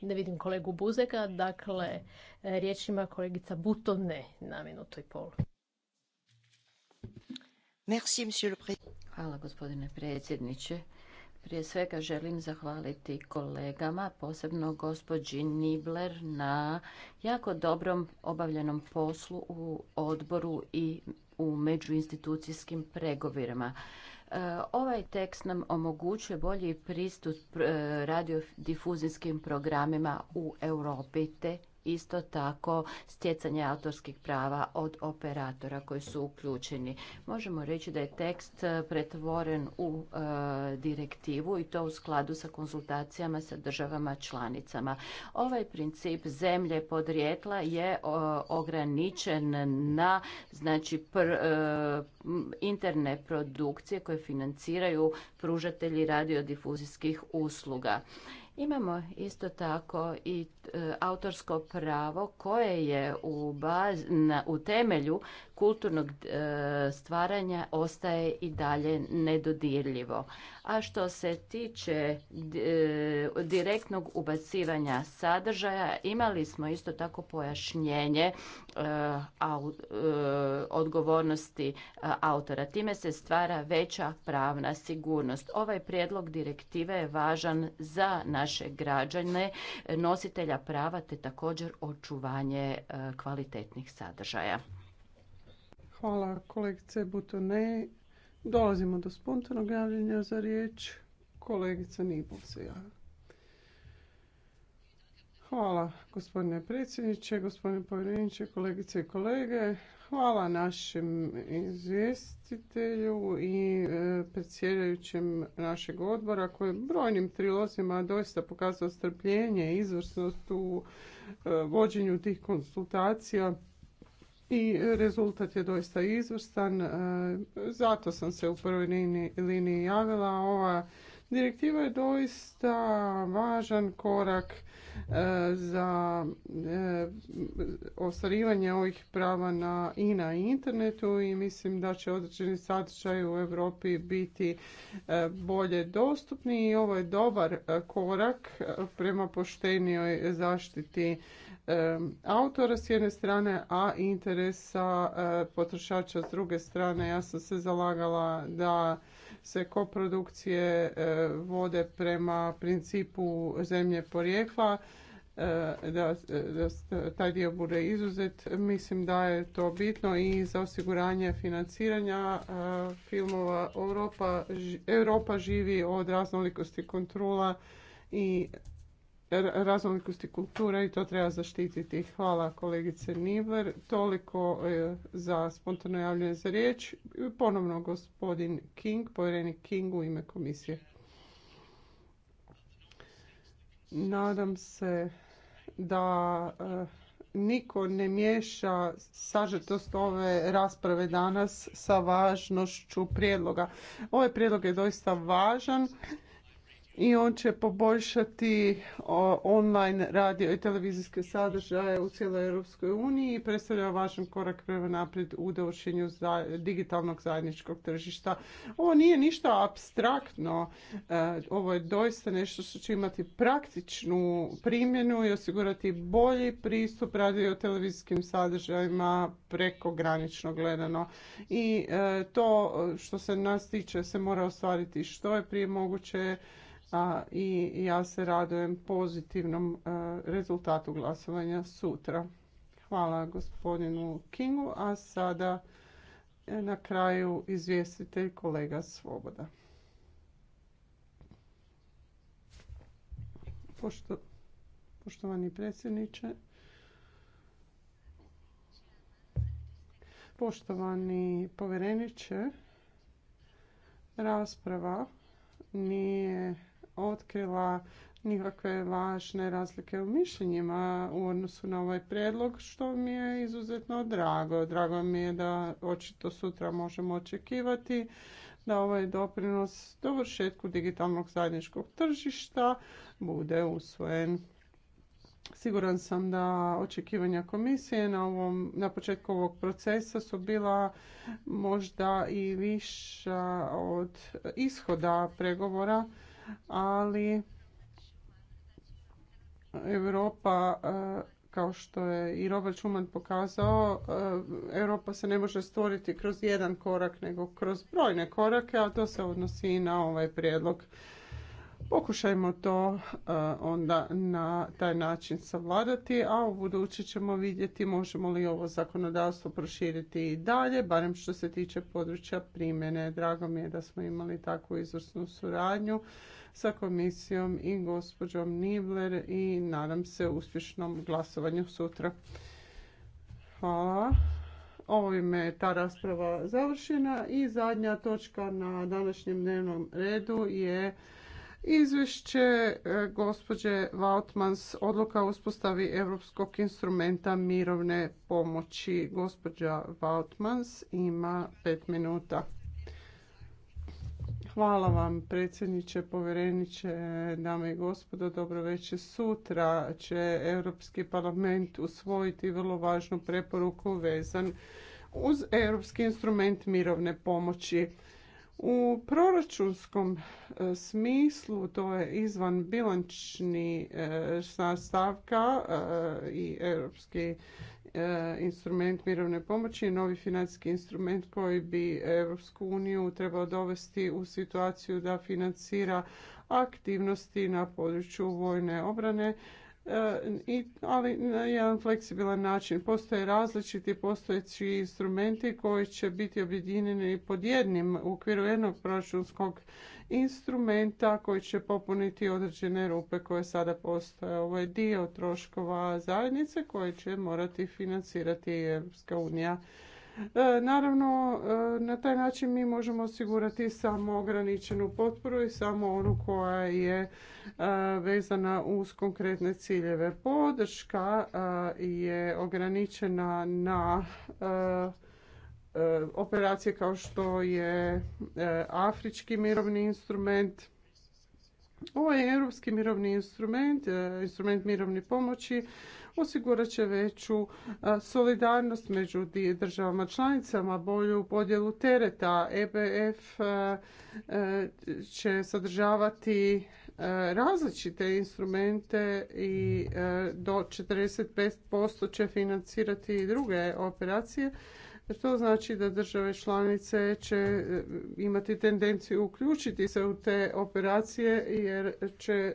Speaker 5: Ne vidim kolegu Buzeka. Dakle, e, riječ ima kolegica Butone na minutu i pol.
Speaker 6: Hvala gospodine predsjedniče. Prije svega želim zahvaliti kolegama, posebno gospođi Nibler na jako dobrom obavljenom poslu u odboru i u međuinstitucijskim pregovirama. E, ovaj tekst nam omogućuje bolji pristup e, radiodifuzijskim programima u Europi te isto tako stjecanje autorskih prava od operatora koji su uključeni. Možemo reći da je tekst e, pretvoren u e, direktivu i to u skladu sa konzultacijama sa državama članicama. Ovaj princip zemlje podrijetla je ograničen na znači pr, e, interne produkcije koje financiraju pružatelji radiodifuzijskih usluga. Imamo isto tako i e, autorsko pravo koje je u, baz, u temelju kulturnog e, stvaranja ostaje i dalje nedodirljivo. A što se tiče e, direktnog ubacivanja sadržaja, imali smo isto tako pojašnjenje odgovornosti autora. Time se stvara veća pravna sigurnost. Ovaj prijedlog direktive je važan za naše građane, nositelja prava te također
Speaker 4: očuvanje e, kvalitetnih sadržaja. Hvala kolegice Butone. Dolazimo do spontanog javljanja za riječ. Kolegica Nibol Hvala gospodine predsjedniče, gospodine povjereniče, kolegice i kolege. Hvala našem izvjestitelju i e, predsjedajućem našeg odbora koji je brojnim trilozima doista pokazao strpljenje i izvrsnost u e, vođenju tih konsultacija i rezultat je doista izvrstan. E, zato sam se u prvoj liniji javila. Ova Direktiva je doista važan korak e, za e, ostvarivanje ovih prava na i na internetu i mislim da će određeni sadržaj u Europi biti e, bolje dostupni i ovo je dobar korak prema poštenijoj zaštiti autora s jedne strane, a interesa potrošača s druge strane. Ja sam se zalagala da se koprodukcije e, vode prema principu zemlje porijekla, e, da, taj dio bude izuzet. Mislim da je to bitno i za osiguranje financiranja e, filmova. Europa, Europa živi od raznolikosti kontrola i raznolikosti kultura i to treba zaštititi. Hvala kolegice Niver. Toliko e, za spontano javljanje za riječ. Ponovno gospodin King, povjerenik King u ime komisije. Nadam se da e, niko ne miješa sažetost ove rasprave danas sa važnošću prijedloga. Ovaj prijedlog je doista važan i on će poboljšati online radio i televizijske sadržaje u cijeloj Europskoj uniji i predstavlja važan korak prema naprijed u dovršenju digitalnog zajedničkog tržišta. Ovo nije ništa abstraktno, e, ovo je doista nešto što će imati praktičnu primjenu i osigurati bolji pristup radio televizijskim sadržajima preko granično gledano. I e, to što se nas tiče se mora ostvariti što je prije moguće i ja se radujem pozitivnom e, rezultatu glasovanja sutra. Hvala gospodinu Kingu, a sada e, na kraju izvjestitelj kolega Svoboda. poštovani predsjedniče, poštovani povjereniče, rasprava nije otkrila nikakve važne razlike u mišljenjima u odnosu na ovaj predlog što mi je izuzetno drago. Drago mi je da očito sutra možemo očekivati da ovaj doprinos dovršetku digitalnog zajedničkog tržišta bude usvojen. Siguran sam da očekivanja komisije na, ovom, na početku ovog procesa su bila možda i viša od ishoda pregovora ali Europa e, kao što je i Robert Schumann pokazao, e, Europa se ne može stvoriti kroz jedan korak, nego kroz brojne korake, a to se odnosi i na ovaj prijedlog. Pokušajmo to e, onda na taj način savladati, a u buduće ćemo vidjeti možemo li ovo zakonodavstvo proširiti i dalje, barem što se tiče područja primjene. Drago mi je da smo imali takvu izvrsnu suradnju sa komisijom i gospođom Nibler i nadam se uspješnom glasovanju sutra. Hvala. Ovime je ta rasprava završena i zadnja točka na današnjem dnevnom redu je Izvješće e, gospođe Vautmans, odluka o uspostavi Europskog instrumenta mirovne pomoći. Gospođa Vautmans ima pet minuta. Hvala vam predsjedniče, povjereniče, dame i gospodo. Dobro večer. Sutra će Europski parlament usvojiti vrlo važnu preporuku vezan uz Europski instrument mirovne pomoći u proračunskom e, smislu to je izvan bilančni e, stavka e, i europski instrument mirovne pomoći, novi financijski instrument koji bi Europsku uniju trebao dovesti u situaciju da financira aktivnosti na području vojne obrane E, i, ali na jedan fleksibilan način. Postoje različiti postojeći instrumenti koji će biti objedinjeni pod jednim u okviru jednog proračunskog instrumenta koji će popuniti određene rupe koje sada postoje. Ovo je dio troškova zajednice koje će morati financirati Europska unija. E, naravno, e, na taj način mi možemo osigurati samo ograničenu potporu i samo onu koja je e, vezana uz konkretne ciljeve. Podrška je ograničena na operacije kao što je afrički mirovni instrument. Ovo je europski mirovni instrument, instrument mirovne pomoći osigurat će veću solidarnost među državama članicama, bolju podjelu tereta. EBF će sadržavati različite instrumente i do 45% će financirati i druge operacije jer to znači da države članice će e, imati tendenciju uključiti se u te operacije jer će e,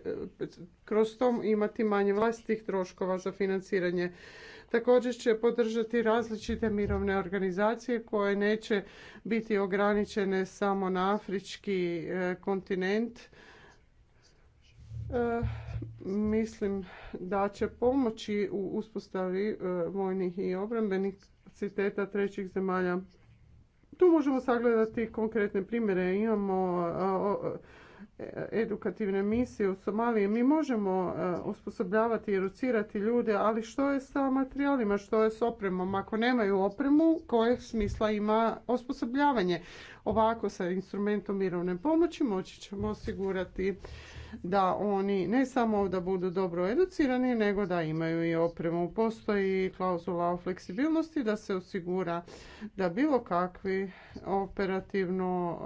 Speaker 4: kroz to imati manje vlastitih troškova za financiranje. Također će podržati različite mirovne organizacije koje neće biti ograničene samo na afrički e, kontinent. Mislim da će pomoći u uspostavi vojnih i obrambenih kapaciteta trećih zemalja. Tu možemo sagledati konkretne primjere. Imamo edukativne misije u Somaliji. Mi možemo osposobljavati i educirati ljude, ali što je sa materijalima, što je s opremom? Ako nemaju opremu, koje smisla ima osposobljavanje? Ovako sa instrumentom mirovne pomoći moći ćemo osigurati da oni ne samo da budu dobro educirani, nego da imaju i opremu. Postoji klauzula o fleksibilnosti da se osigura da bilo kakvi operativno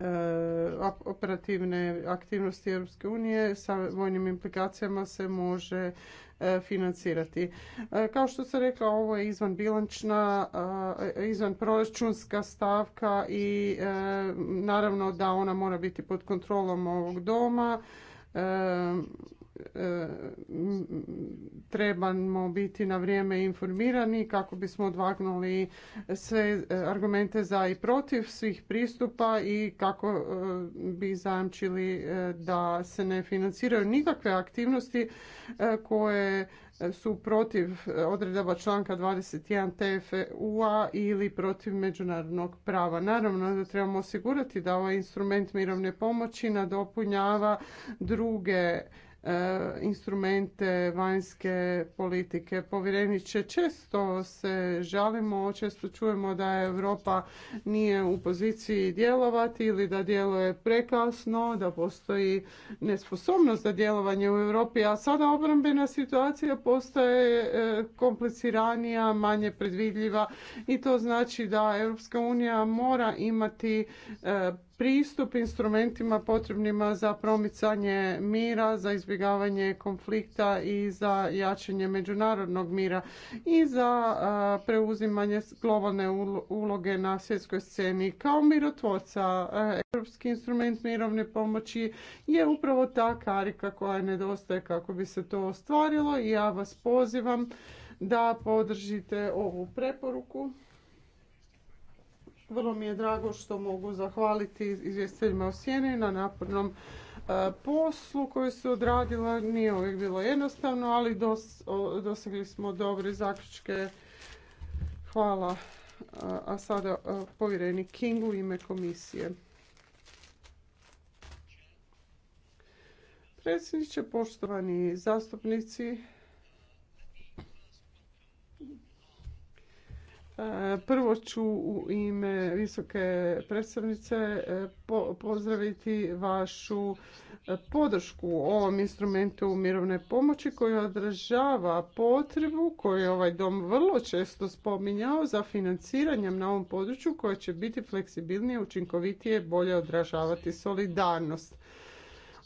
Speaker 4: eh, eh, operativne aktivnosti Europske unije sa vojnim implikacijama se može E, financirati. E, kao što sam rekla, ovo je izvan e, izvanproračunska stavka i naravno da ona mora biti pod kontrolom ovog doma. E, trebamo biti na vrijeme informirani kako bismo odvagnuli sve e, argumente za i protiv svih pristupa i kako e, bi zajamčili da se ne financiraju nikakve aktivnosti koje su protiv odredaba članka 21 TFUA ili protiv međunarodnog prava. Naravno da trebamo osigurati da ovaj instrument mirovne pomoći nadopunjava druge E, instrumente vanjske politike. Povjereniče, često se žalimo, često čujemo da Europa nije u poziciji djelovati ili da djeluje prekasno, da postoji nesposobnost za djelovanje u Europi, a sada obrambena situacija postaje e, kompliciranija, manje predvidljiva i to znači da Europska unija mora imati e, pristup instrumentima potrebnima za promicanje mira, za izbjegavanje konflikta i za jačanje međunarodnog mira i za preuzimanje globalne uloge na svjetskoj sceni. Kao mirotvorca, Europski instrument mirovne pomoći je upravo ta karika koja nedostaje kako bi se to ostvarilo i ja vas pozivam da podržite ovu preporuku. Vrlo mi je drago što mogu zahvaliti izvjestiteljima o sjeni na napornom e, poslu koju su odradila. Nije uvijek bilo jednostavno, ali dosegli smo dobre zaključke. Hvala. E, a sada e, povjereni King u ime komisije. Predsjedniče, poštovani zastupnici, Prvo ću u ime visoke predstavnice e, pozdraviti vašu podršku ovom instrumentu mirovne pomoći koji odražava potrebu koju je ovaj dom vrlo često spominjao za financiranjem na ovom području koje će biti fleksibilnije, učinkovitije, bolje odražavati solidarnost.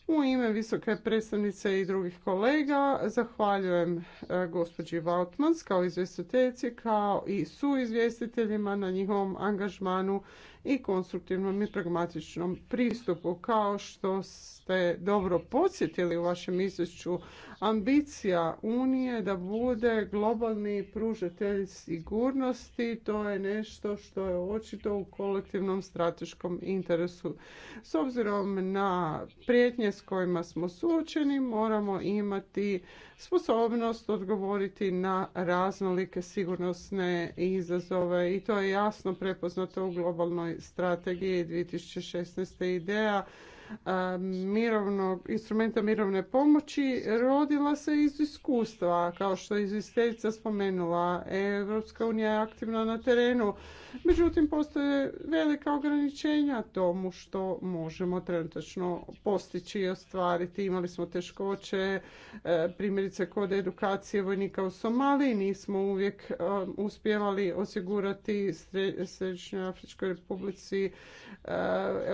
Speaker 4: U ime visoke predstavnice i drugih kolega zahvaljujem e, gospođi Vautmans kao izvjestiteljici kao i suizvjestiteljima na njihovom angažmanu i konstruktivnom i pragmatičnom pristupu. Kao što ste dobro podsjetili u vašem izvješću, ambicija Unije da bude globalni pružatelj sigurnosti, to je nešto što je očito u kolektivnom strateškom interesu. S obzirom na prijetnje s kojima smo suočeni, moramo imati sposobnost odgovoriti na raznolike sigurnosne izazove i to je jasno prepoznato u globalnoj strategiji 2016. ideja mirovnog, instrumenta mirovne pomoći rodila se iz iskustva. Kao što je izvjestiteljica spomenula, Europska unija je aktivna na terenu. Međutim, postoje velika ograničenja tomu što možemo trenutačno postići i ostvariti. Imali smo teškoće, e, primjerice kod edukacije vojnika u Somaliji. Nismo uvijek e, uspjevali osigurati Središnjoj Afričkoj republici e,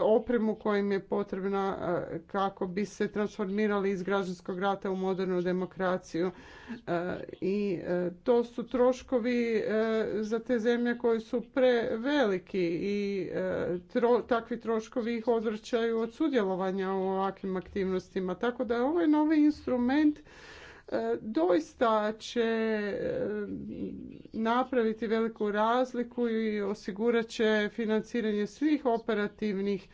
Speaker 4: opremu kojim je potrebno E, kako bi se transformirali iz građanskog rata u modernu demokraciju. E, I e, to su troškovi za te zemlje koji su preveliki i takvi troškovi ih odvrćaju od sudjelovanja u ovakvim aktivnostima. Tako da je ovaj novi instrument E, doista će e, napraviti veliku razliku i osigurat će financiranje svih operativnih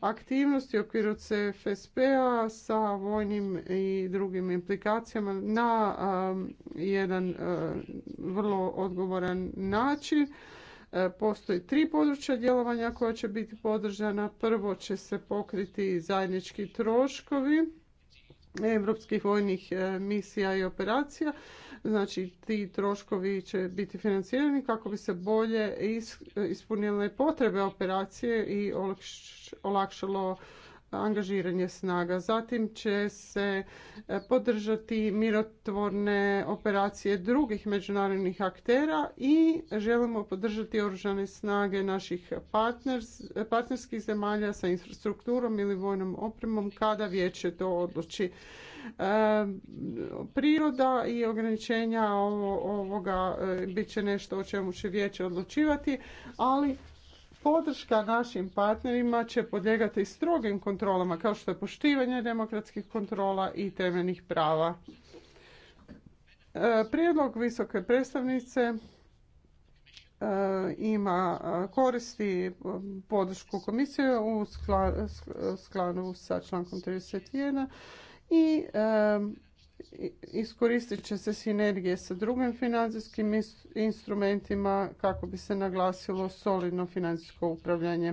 Speaker 4: aktivnosti u okviru CFSP-a sa vojnim i drugim implikacijama na jedan e, vrlo odgovoran način. Postoji tri područja djelovanja koja će biti podržana. Prvo će se pokriti zajednički troškovi europskih vojnih e, misija i operacija. Znači ti troškovi će biti financirani kako bi se bolje ispunile potrebe operacije i olakšalo angažiranje snaga. Zatim će se e, podržati mirotvorne operacije drugih međunarodnih aktera i želimo podržati oružane snage naših partners, partnerskih zemalja sa infrastrukturom ili vojnom opremom kada vijeće to odluči. E, priroda i ograničenja ovoga e, bit će nešto o čemu će vijeće odlučivati, ali podrška našim partnerima će podlijegati strogim kontrolama kao što je poštivanje demokratskih kontrola i temeljnih prava. E, prijedlog visoke predstavnice e, ima e, koristi podršku komisije u skladu sa člankom 31 i iskoristit će se sinergije sa drugim financijskim instrumentima kako bi se naglasilo solidno financijsko upravljanje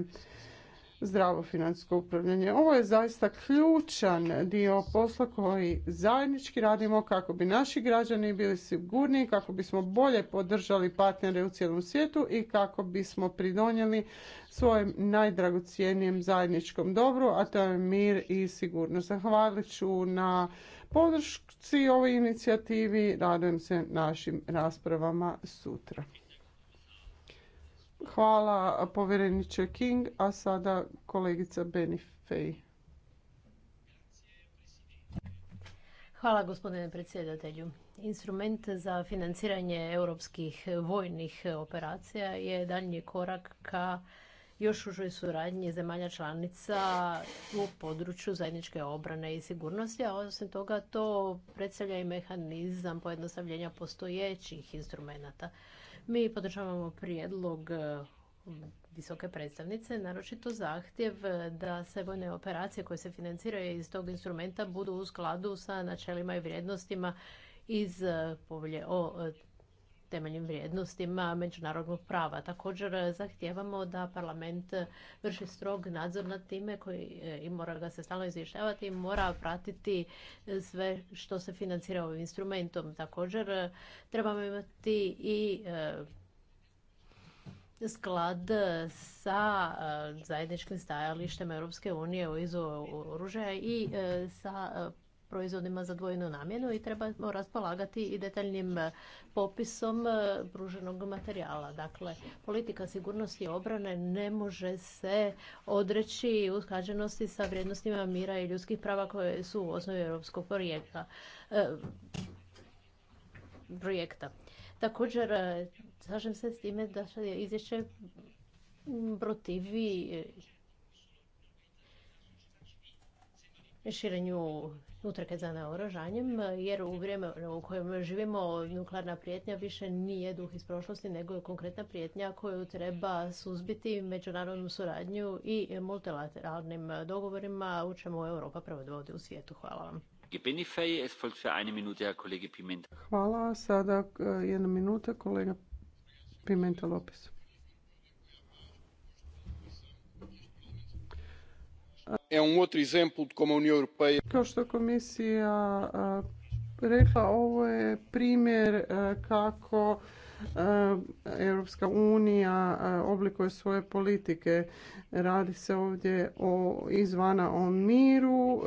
Speaker 4: zdravo financijsko upravljanje. Ovo je zaista ključan dio posla koji zajednički radimo kako bi naši građani bili sigurniji, kako bismo bolje podržali partnere u cijelom svijetu i kako bismo pridonijeli svojem najdragocjenijem zajedničkom dobru, a to je mir i sigurnost. Zahvalit ću na podršci ovoj inicijativi. Radujem se našim raspravama sutra. Hvala povjereniče King, a sada kolegica Fay.
Speaker 5: Hvala gospodine predsjedatelju. Instrument za financiranje europskih vojnih operacija je daljnji korak ka još užoj suradnji zemalja članica u području zajedničke obrane i sigurnosti, a osim toga to predstavlja i mehanizam pojednostavljenja postojećih instrumenata. Mi podržavamo prijedlog e, visoke predstavnice, naročito zahtjev da se vojne operacije koje se financiraju iz tog instrumenta budu u skladu sa načelima i vrijednostima iz e, povelje o e, temeljnim vrijednostima međunarodnog prava. Također e, zahtijevamo da parlament e, vrši strog nadzor nad time koji e, i mora ga se stalno izvještavati i mora pratiti sve što se financira ovim instrumentom. Također trebamo imati i sklad sa zajedničkim stajalištem Europske unije o izu oružja i sa proizvodima za dvojnu namjenu i trebamo raspolagati i detaljnim e, popisom e, pruženog materijala. Dakle, politika sigurnosti i obrane ne može se odreći usklađenosti sa vrijednostima mira i ljudskih prava koje su u osnovi europskog projekta. E, projekta. Također, slažem se s time da se izvješće protivi širenju utrke za naoružanjem, jer u vrijeme u kojem živimo nuklearna prijetnja više nije duh iz prošlosti, nego je konkretna prijetnja koju treba suzbiti međunarodnu suradnju i multilateralnim dogovorima u čemu Europa predvodi u svijetu. Hvala vam.
Speaker 4: Hvala. Sada eh, jedna minuta, kolega Pimenta Um Kao što komisija rekla, ovo je primjer kako Europska unija oblikuje svoje politike. Radi se ovdje o izvana o miru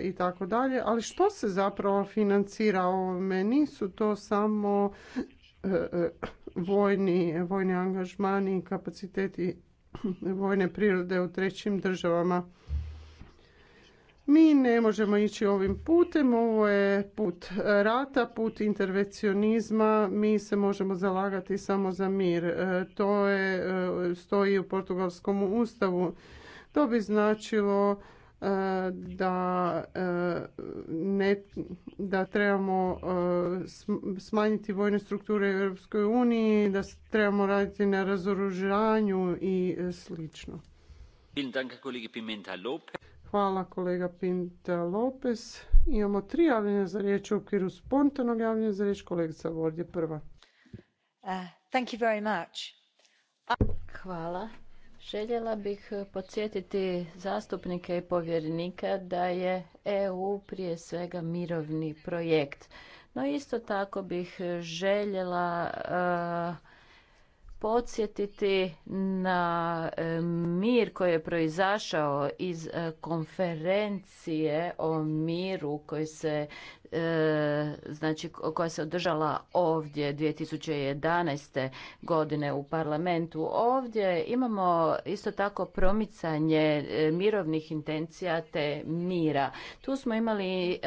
Speaker 4: i tako dalje. Ali što se zapravo financira ovome? Nisu to samo e, e, vojni, vojni angažmani i kapaciteti vojne prirode u trećim državama. Mi ne možemo ići ovim putem, ovo je put rata, put intervencionizma, mi se možemo zalagati samo za mir. E, to je, e, stoji u portugalskom ustavu. To bi značilo e, da, ne, da trebamo smanjiti vojne strukture u Europskoj uniji, da trebamo raditi na razoružanju i slično. Hvala kolega Pinta Lopez. Imamo tri javljanja za riječ u okviru spontanog javljanja za riječ. Kolegica Vord je prva.
Speaker 6: Uh, Hvala. Željela bih podsjetiti zastupnike i povjerenika da je EU prije svega mirovni projekt. No isto tako bih željela uh, podsjetiti na e, mir koji je proizašao iz e, konferencije o miru koji se e, znači koja se održala ovdje 2011. godine u parlamentu. Ovdje imamo isto tako promicanje mirovnih intencija te mira. Tu smo imali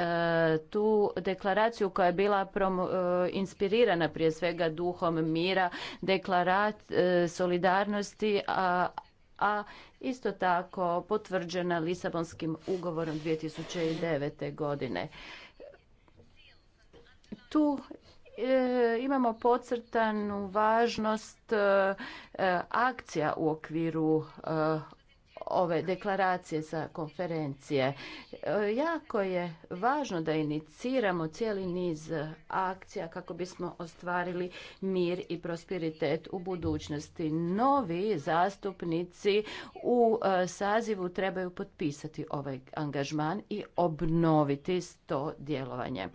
Speaker 6: tu deklaraciju koja je bila inspirirana prije svega duhom mira, deklaraciju E, solidarnosti, a, a isto tako potvrđena Lisabonskim ugovorom 2009. godine. Tu e, imamo podcrtanu važnost e, akcija u okviru ove deklaracije sa konferencije. E, jako je važno da iniciramo cijeli niz akcija kako bismo ostvarili mir i prosperitet u budućnosti. Novi zastupnici u e, sazivu trebaju potpisati ovaj angažman i obnoviti to djelovanje.